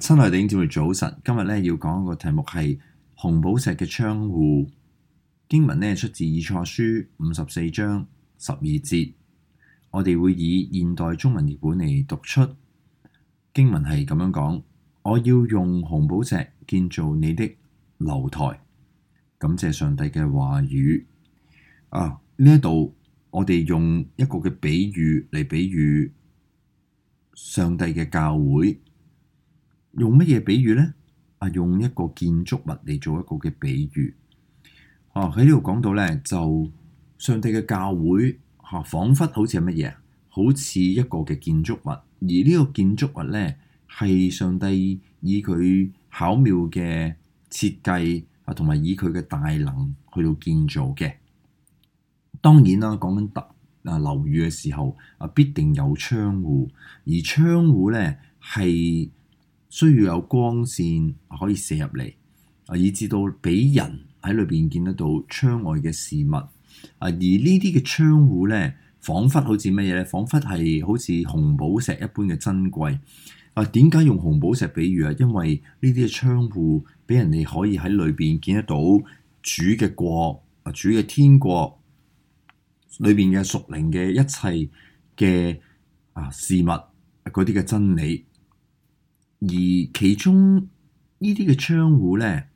親愛弟兄姊妹早晨，今日咧要講一個題目係紅寶石嘅窗戶經文咧出自以賽亞書五十四章十二節，我哋會以現代中文譯本嚟讀出經文係咁樣講：我要用紅寶石建造你的樓台，感謝上帝嘅話語啊！呢一度我哋用一個嘅比喻嚟比喻上帝嘅教會。用乜嘢比喻咧？啊，用一個建築物嚟做一個嘅比喻。啊，喺呢度講到咧，就上帝嘅教會啊，仿佛好似係乜嘢？好似一個嘅建築物，而呢個建築物咧，係上帝以佢巧妙嘅設計啊，同埋以佢嘅大能去到建造嘅。當然啦，啊，講緊搭啊樓宇嘅時候啊，必定有窗戶，而窗戶咧係。需要有光線可以射入嚟，啊，以至到俾人喺裏邊見得到窗外嘅事物，啊，而呢啲嘅窗戶咧，仿佛好似乜嘢咧？仿佛係好似紅寶石一般嘅珍貴。啊，點解用紅寶石比喻啊？因為呢啲嘅窗戶俾人哋可以喺裏邊見得到主嘅國，啊，主嘅天國裏邊嘅屬靈嘅一切嘅啊事物，嗰啲嘅真理。而其中呢啲嘅窗戶咧，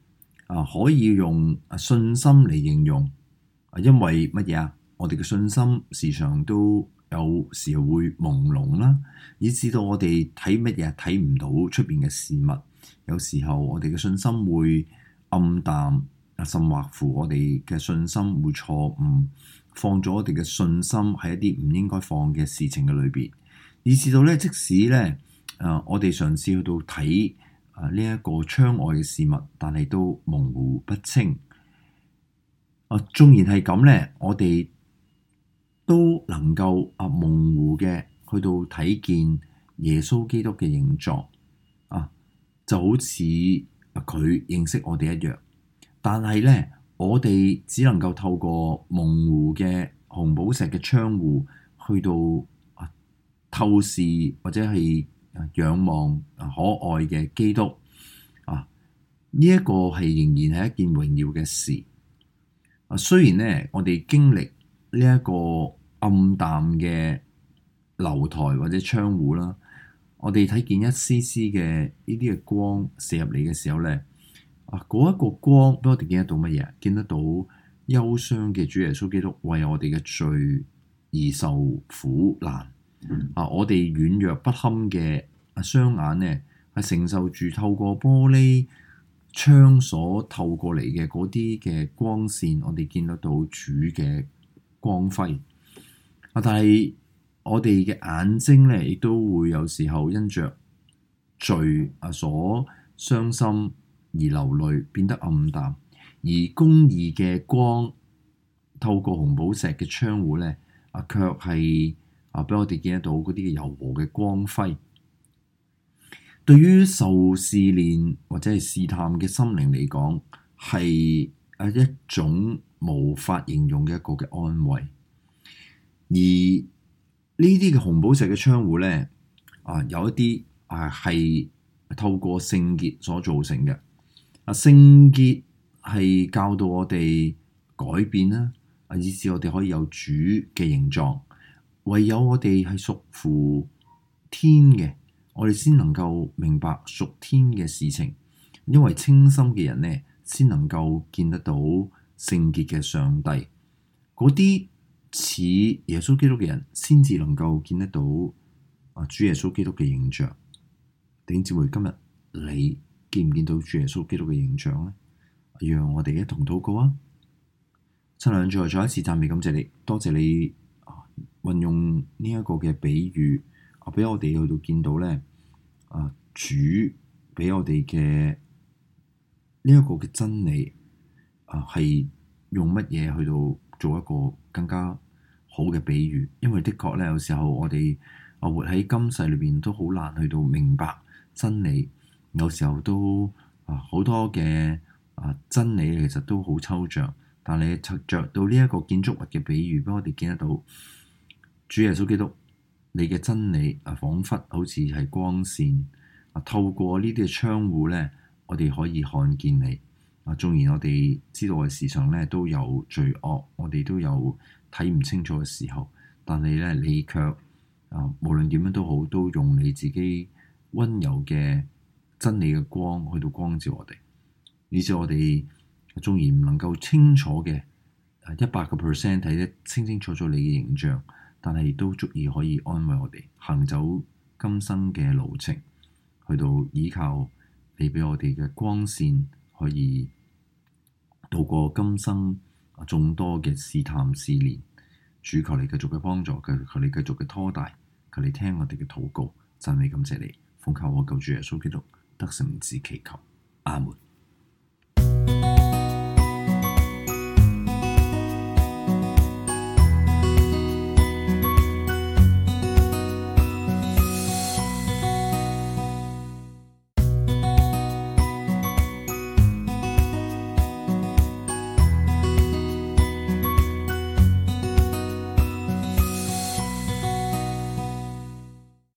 啊，可以用信心嚟形容，啊，因為乜嘢啊？我哋嘅信心時常都有時候會朦朧啦，以至到我哋睇乜嘢睇唔到出邊嘅事物。有時候我哋嘅信心會暗淡，甚或乎我哋嘅信心會錯誤，放咗我哋嘅信心喺一啲唔應該放嘅事情嘅裏邊，以至到咧，即使咧。誒、啊，我哋嘗試去到睇誒呢一個窗外嘅事物，但係都模糊不清。啊，縱然係咁咧，我哋都能夠啊模糊嘅去到睇見耶穌基督嘅形狀，啊就好似啊佢認識我哋一樣。但係咧，我哋只能夠透過模糊嘅紅寶石嘅窗戶去到啊透視或者係。仰望可愛嘅基督啊！呢一個係仍然係一件榮耀嘅事啊！雖然咧，我哋經歷呢一個暗淡嘅樓台或者窗戶啦，啊，我哋睇見一絲絲嘅呢啲嘅光射入嚟嘅時候咧，啊嗰一個光都一定見得到乜嘢？見得到憂傷嘅主耶穌基督為我哋嘅罪而受苦難。啊！我哋軟弱不堪嘅雙眼呢，係、啊、承受住透過玻璃窗所透過嚟嘅嗰啲嘅光線，我哋見得到主嘅光輝。啊！但係我哋嘅眼睛呢，亦都會有時候因着罪啊所傷心而流淚，變得暗淡。而公義嘅光透過紅寶石嘅窗戶呢，啊，卻係。啊，俾我哋見得到嗰啲嘅柔和嘅光輝，對於受試煉或者係試探嘅心靈嚟講，係啊一種無法形容嘅一個嘅安慰。而呢啲嘅紅寶石嘅窗戶咧，啊，有一啲啊係透過聖潔所造成嘅。啊，聖潔係教到我哋改變啦，啊以至我哋可以有主嘅形狀。唯有我哋係屬乎天嘅，我哋先能夠明白屬天嘅事情。因為清心嘅人呢，先能夠見得到聖潔嘅上帝。嗰啲似耶穌基督嘅人，先至能夠見得到啊主耶穌基督嘅形象。弟兄姊妹，今日你見唔見到主耶穌基督嘅形象呢？讓我哋一同禱告啊！親兩座，再一次讚美感謝你，多謝你。運用呢一個嘅比喻啊，俾我哋去到見到咧，啊主俾我哋嘅呢一個嘅真理啊，係用乜嘢去到做一個更加好嘅比喻？因為的確咧，有時候我哋啊活喺今世裏邊都好難去到明白真理。有時候都啊好多嘅啊真理其實都好抽象，但係着到呢一個建築物嘅比喻，俾我哋見得到。主耶穌基督，你嘅真理啊，仿佛好似係光線啊，透過呢啲嘅窗戶咧，我哋可以看見你啊。縱然我哋知道嘅時常咧都有罪惡，我哋都有睇唔清楚嘅時候，但係咧你卻啊，無論點樣都好，都用你自己溫柔嘅真理嘅光去到光照我哋，以致我哋縱然唔能夠清楚嘅啊一百個 percent 睇得清清楚楚你嘅形象。但係都足以可以安慰我哋行走今生嘅路程，去到依靠你畀我哋嘅光線，可以渡過今生眾多嘅試探試煉。主求你繼續嘅幫助，求你繼續嘅拖帶，求你聽我哋嘅禱告，讚美感謝你，奉靠我救主耶穌基督得勝之祈求，阿門。